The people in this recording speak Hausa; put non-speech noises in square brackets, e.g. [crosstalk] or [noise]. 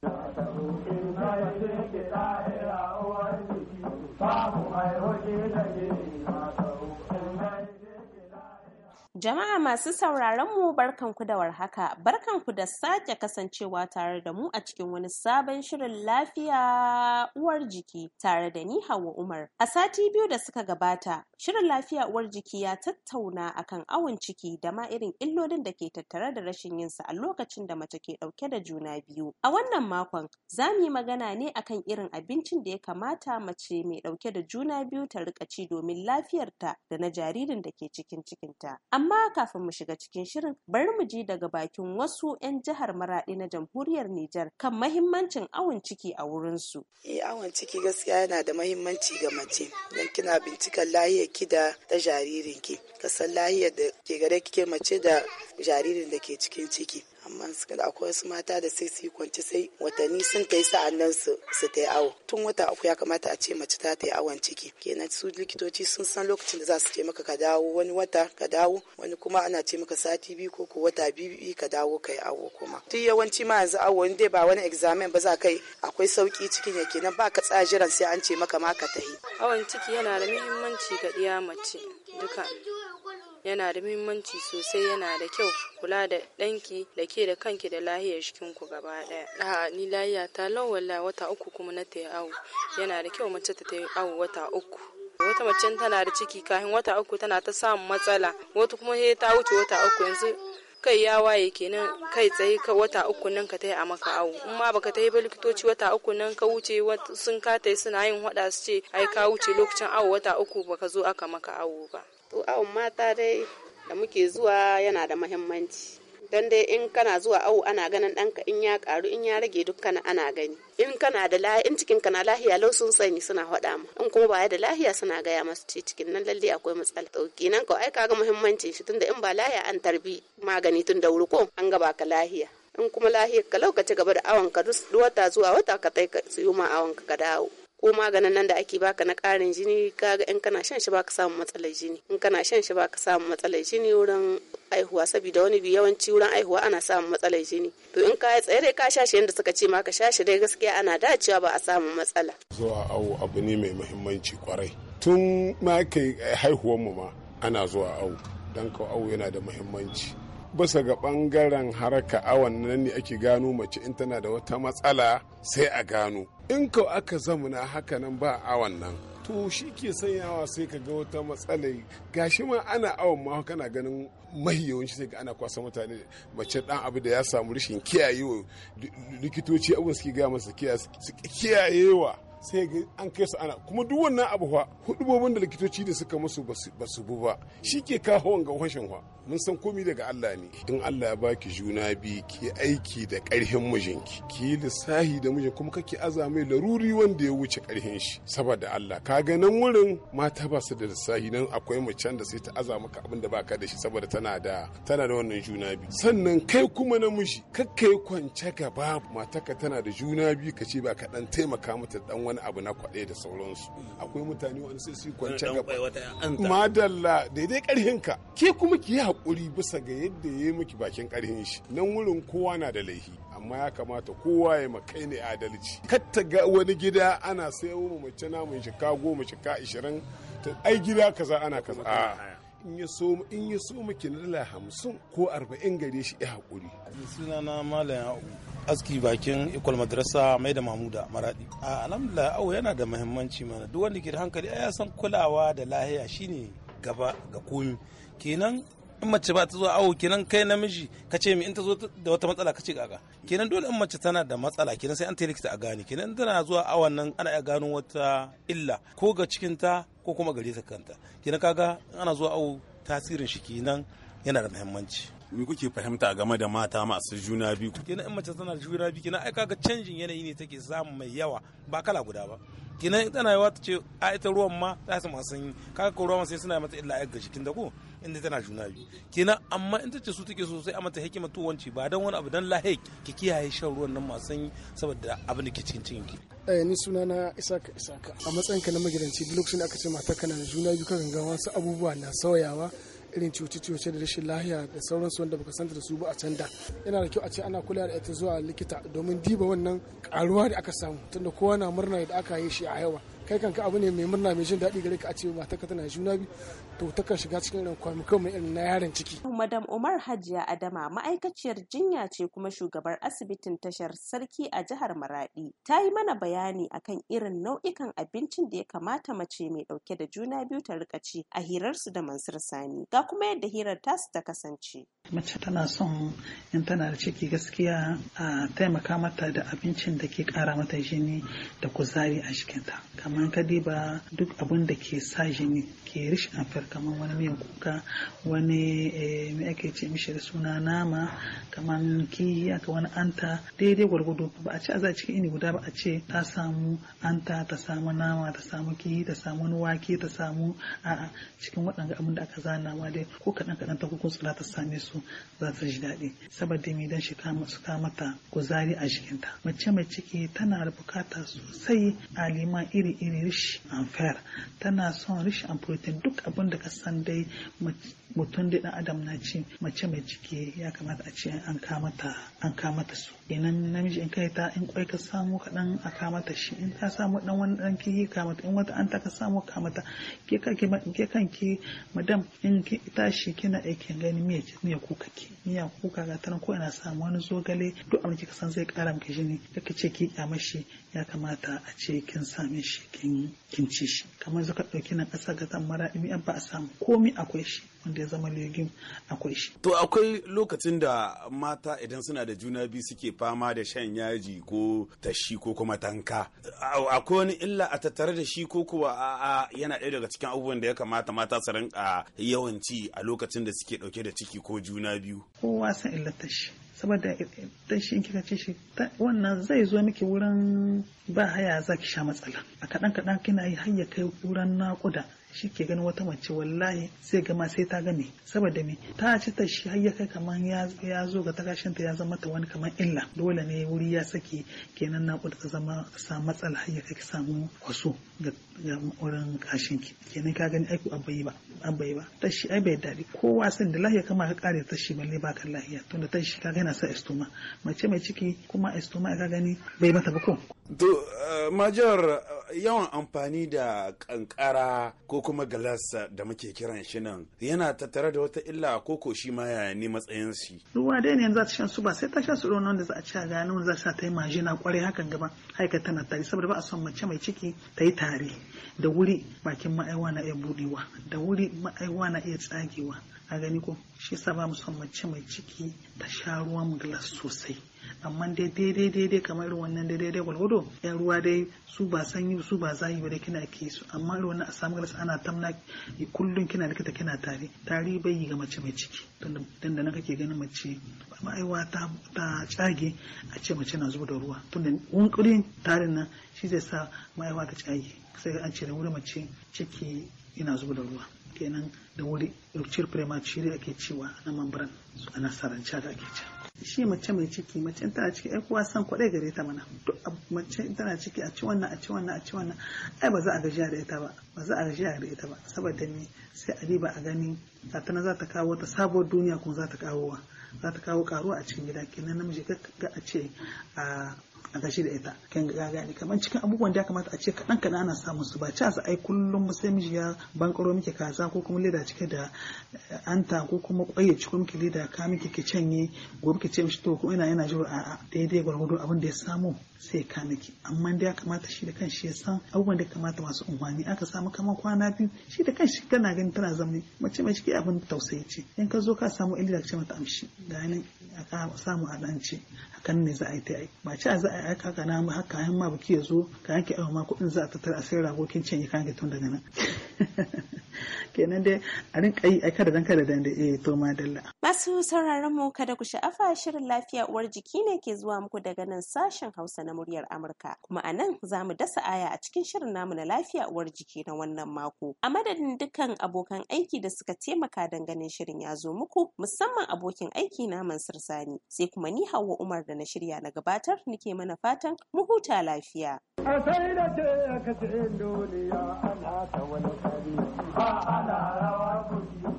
家乡如今在世界带来了文明，把不坏，我心在你。Jama'a masu sauraron mu barkanku da warhaka, barkanku da sake kasancewa tare da mu a cikin wani sabon shirin lafiya uwar jiki tare da ni Hauwa Umar. A sati biyu da suka gabata, shirin lafiya uwar jiki ya tattauna akan awon ciki da ma irin illolin da ke tattare da rashin yin sa a lokacin da mace ke dauke da juna biyu. A wannan makon, za mu yi magana ne akan irin abincin da ya kamata mace mai dauke da juna biyu ta rika ci domin lafiyarta da na jaririn da ke cikin cikinta. Amma Amma kafin mu shiga cikin shirin bari mu ji daga bakin wasu 'yan jihar maraɗi na jamhuriyar Nijar kan mahimmancin awon ciki a wurinsu. Eh awon ciki gaskiya yana da mahimmanci ga mace don kina bincikan lahiyar ki da ta jaririnki. Ka san lahiyar da ke gare kike mace da jaririn da ke cikin ciki. amma suka da akwai wasu mata da sai su yi kwanci sai watanni sun ta yi sa'an nan su ta yi awo tun wata uku ya kamata a ce mace ta ta yi awon ciki kenan su likitoci sun san lokacin da za su ce maka ka dawo wani wata ka dawo wani kuma ana ce maka sati biyu ko ko wata biyu ka dawo ka yi awo kuma Tun yawanci ma yanzu awo in dai ba wani examen ba za kai akwai sauki cikin ya kenan ba ka tsajiran sai an ce maka ma ka tahi awon ciki yana da muhimmanci ga ɗiya mace duka yana da muhimmanci sosai yana da kyau kula da ɗanki da ke da kanki da lahiyar ku gaba ɗaya a ni lahiya ta lawala wata uku kuma na ta awo yana da kyau mace ta yi awo wata uku wata mace tana da ciki kafin wata uku tana ta samun matsala wata kuma ta wuce wata uku yanzu kai ya waye kenan kai tsaye ka wata uku nan ka tai a maka awo in ma baka tai ba likitoci wata uku nan ka wuce sun ka tai suna yin hada su ce ai ka wuce lokacin awo wata uku baka zo aka maka awo ba to awon mata dai da muke zuwa yana da muhimmanci dan dai in kana zuwa awo ana ganin ɗanka in ya karu in ya rage dukkan ana gani in kana da lahiya in cikin kana lahiya lau sun sani suna faɗa mu in kuma baya da lahiya suna gaya masu ce cikin nan lalle akwai matsala to kenan ka ai kaga muhimmancin shi tunda in ba lahiya an tarbi magani tun da wuri ko an gaba ka lahiya in kuma lahiyar ka lau gaba da awon ka duk wata zuwa wata ka tai ka siyo ma awon ka dawo ko maganin nan da ake baka na ƙarin jini kaga in kana shan shi baka samu matsalar jini in kana shan shi baka samu matsalar jini wurin aihuwa saboda wani bi yawanci wurin aihuwa ana samun matsalar jini to in ka tsaye dai ka sha shi yadda suka ce maka sha shi dai gaskiya ana dacewa ba a samu matsala zuwa awo abu ne mai muhimmanci kwarai tun ma kai haihuwar mu ma ana zuwa awo dan ka awo yana da muhimmanci Basa ga bangaren haraka awon nan ne ake gano mace in tana da wata matsala sai a gano in ka aka zamana haka nan ba awon nan to shi ke sanyawa sai ka ga wata matsalai gashi ma ana awon ma kana ganin mahiyawanci sai ga ana kwasa mutane mace dan abu da ya samu rashin kiyayewa likitoci abin suke gaya masa kiyayewa sai ga an kai su ana kuma duk wannan abu fa hudubobin da likitoci da suka musu ba su bu ba shi ke kawo ga washin fa mun san komi daga Allah ne in Allah ya baki juna bi ki aiki da karhin mijinki ki lissahi da mijin kuma kake aza mai laruri wanda ya wuce karhin shi saboda Allah ka ga nan wurin mata ba su da lissahi nan akwai macen da sai ta aza maka abin da baka da shi saboda tana da tana da wannan juna bi sannan kai kuma na miji kakkai kwance gaba mataka tana da juna bi ka ce ba ka dan taimaka mata dan wani abu na kwaɗe da sauransu akwai mutane wani sai su kwance gaba madalla daidai karhin ka ke kuma ki yi hakuri bisa ga yadda ya yi miki bakin karhin shi nan wurin kowa na da laihi amma ya kamata kowa ya makai ne adalci katta ga wani gida ana sayo mu mace namun shika goma shika ashirin ai gida kaza ana kaza in ya so in ya so miki dala hamsin ko arba'in gare shi ya haƙuri sunana malam ya'u aski bakin ikwal madrasa mai da mamuda maradi a alhamdulillah awo yana da muhimmanci mana duk wanda ke da hankali ya san kulawa da lahiya shine gaba ga komi kenan in mace ba ta zo awo kenan kai namiji ka ce mi in ta zo da wata matsala ka ce gaga kenan dole in mace tana da matsala kenan sai an ta likita a gane kenan tana zuwa awon nan ana iya gano wata illa ko ga cikinta ko kuma gare ta kanta kenan kaga ana zuwa awo tasirin shi kenan yana da muhimmanci me kuke fahimta game da mata masu juna biyu Kina in mace tana juna biyu kina ai kaga canjin yanayi ne take samu mai yawa ba kala guda ba Kina in tana yawa ta ce a ita ruwan ma ta su masu sanyi kaga ko ruwan sai suna mata illa ai ga shikin da in inda tana juna biyu Kina amma in ta ce su take sosai a mata hikima tuwanci ba dan wani abu dan lahi ki kiyaye shan ruwan nan masu sanyi saboda abin da ke cikin cikin ki eh ni suna na isaka isaka a matsayin ka na magidanci duk lokacin da aka ce mata kana da juna biyu ka ga wasu abubuwa na sauyawa irin cuce-cuce da rashin lahiya da sauransu wanda baka santa da su ba a can yana da kyau a ce ana kula da ita zuwa likita domin diba wannan karuwa da aka samu tunda kowa na murna da aka yi shi a yawa kai kanka abu ne mai murna mai jin daɗi gare ka a ce ka tana juna biyu to takan shiga cikin irin kwamikan mai irin na yaron ciki. madam umar hajiya adama ma'aikaciyar jinya ce kuma shugabar asibitin tashar sarki a jihar maradi ta yi mana bayani akan irin nau'ikan abincin da ya kamata mace mai ɗauke da juna biyu ta rika ci a hirarsu da mansur sani ga kuma yadda hirar tasu ta kasance. mace tana son in tana da ciki gaskiya a taimaka mata da abincin da ke kara mata jini da kuzari a jikinta kaman ka ba duk abin da ke sa jini ke rishin afiyar kaman wani miyan kuka wani eh, mai ake ce mishi da suna nama kaman kiyi aka wani anta daidai gwargwado ba a ce a za cikin ini guda ba a ce ta samu anta ta samu nama ta samu kiyi ta samu wani wake ta samu a cikin waɗanda abin da aka zana zanawa dai ko kaɗan kaɗan ta kukun tsira ta same su za ta ji daɗi saboda me dan shi su mata kuzari a jikinta mace mai ciki tana da bukata sosai a liman iri iri shine rich and fair tana son rich and protein duk abin da ka san dai mutum da dan adam na ci mace mai ciki ya kamata a ce an kamata an kamata su inan namiji in kai ta in kwai ka samu kaɗan a kamata shi in ka samu dan wani dan ki kamata in wata an ta ka samu kamata ke kan ki madam in ki tashi kina aikin gani miya miya kuka ki miya kuka ga tanan ko ina samu wani zogale duk abin da kika san zai kara maka jini kake ce ki shi ya kamata a ce kin same shi kin kin ci shi kamar suka ɗauki na kasa ga zan mara ba a samu komi akwai shi wanda ya zama legume akwai shi. To akwai lokacin da mata idan suna da juna biyu suke fama da shan yaji ko tashi ko kuma tanka. Akwai wani illa a tattare da shi ko kuwa a'a yana ɗaya daga cikin abubuwan da ya kamata mata su rinka yawanci a lokacin da suke ɗauke da ciki ko juna biyu. Kowa san illar tashi. saboda tashi shi kika ce shi wannan zai zo miki wurin ba haya zaki sha matsala a kaɗan kaɗan kina yi har wurin naƙuda shi ke ganin wata mace wallahi sai gama sai ta gane saboda me ta ci ta shi har ya kai kaman ya zo ga takashin ta ya zama ta wani kaman illa dole ne wuri ya saki kenan naƙuda ta zama sa samu matsala har ya kai samu kwaso ga wurin kashin ki kenan ka gani aiki an bai ba ta shi ai bai daɗi kowa san da lahiya kama ka kare ta shi balle ba kan lahiya tunda ta shi ka gani sa estoma mace mai ciki kuma estoma ka gani bai mata ba ko. to eh, yawan amfani da kankara ko kuma galas da muke kiran shi nan yana tattare da wata illa ko ko shi ma ya ne matsayin shi ruwa dai ne za ta shan su ba sai ta sha su ruwan wanda za a ci a gano wanda za ta ta yi majina kwarai hakan gaba haika tana tari saboda ba a son mace mai ciki ta yi tari da wuri bakin ma'aiwa na iya budewa da wuri ma'aiwa na iya tsagewa a gani ko shi sa ba son mace mai ciki ta sha ruwan gilas sosai amma dai daidai daidai kamar irin wannan dai daidai gwalgwado yan ruwa dai su ba sanyi su ba zahi ba dai kina ke su amma irin wannan a samu gilas ana tamna kullum kina likita kina tare tari bai yi ga mace mai ciki tun da na kake ganin mace ba aiwa ta ta tsage a ce mace na zuba da ruwa tun da hunkurin tarin nan shi zai sa ma'aiwa ta tsage sai an ce da wuri mace ciki ina zuba da ruwa kenan da wuri rupture premature ake cewa na su a saranci da ake ce shi mace mai ciki mace tana ciki ai kowa san kwaɗai gare ta mana mace tana ciki a ci wannan a ci wannan a ci wannan ai ba za a gajiya da ita ba ba za a gajiya da ita ba saboda ni sai a riba a gani ta za ta kawo ta sabuwar duniya kuma za ta kawo za ta kawo karuwa a cikin gida kenan namiji ga a ce a a tashi da ita kan ga gane kamar cikin abubuwan da ya kamata a ce kaɗan kaɗan ana samun su ba ci a ai kullum sai miji ya bankaro miki kaza ko kuma leda cike da eh, anta ko kuma kwaye ciko miki leda ka miki ki canye gobe ki ce mishi to kuma yana yana jiro a daidai gwargwado abin da ya samu sai ka miki amma da ya kamata shi da kan shi ya san abubuwan da ya kamata masu unwani aka samu kamar kwana biyu shi da kanshi kana ganin tana zamani mace mai ciki abin tausayi ce in ka zo ka samu da ka ce mata amshi ga ni a samu a ce hakan ne za a yi ta yi ba ci a za a yi aika ka na haka kayan ma buki ya zo kayan ki awa ma kuɗin za a tattara a sai rago kin cinye kayan ki daga nan [laughs] kenan dai a rinka yi a kada zanka da dan da eh to madalla masu sauraron mu kada ku sha'afa shirin lafiya uwar jiki ne ke zuwa muku daga nan sashen Hausa na muryar Amurka kuma a nan za mu dasa aya a cikin shirin namu na lafiya uwar jiki na wannan mako a madadin dukkan abokan aiki da suka taimaka dan ganin shirin ya zo muku musamman abokin aiki na Mansur Sani sai kuma ni Hauwa Umar da na shirya na gabatar nike mana fatan mu huta lafiya a sai da ce ka ce duniya ana ta wani kari ana rawar kuɗi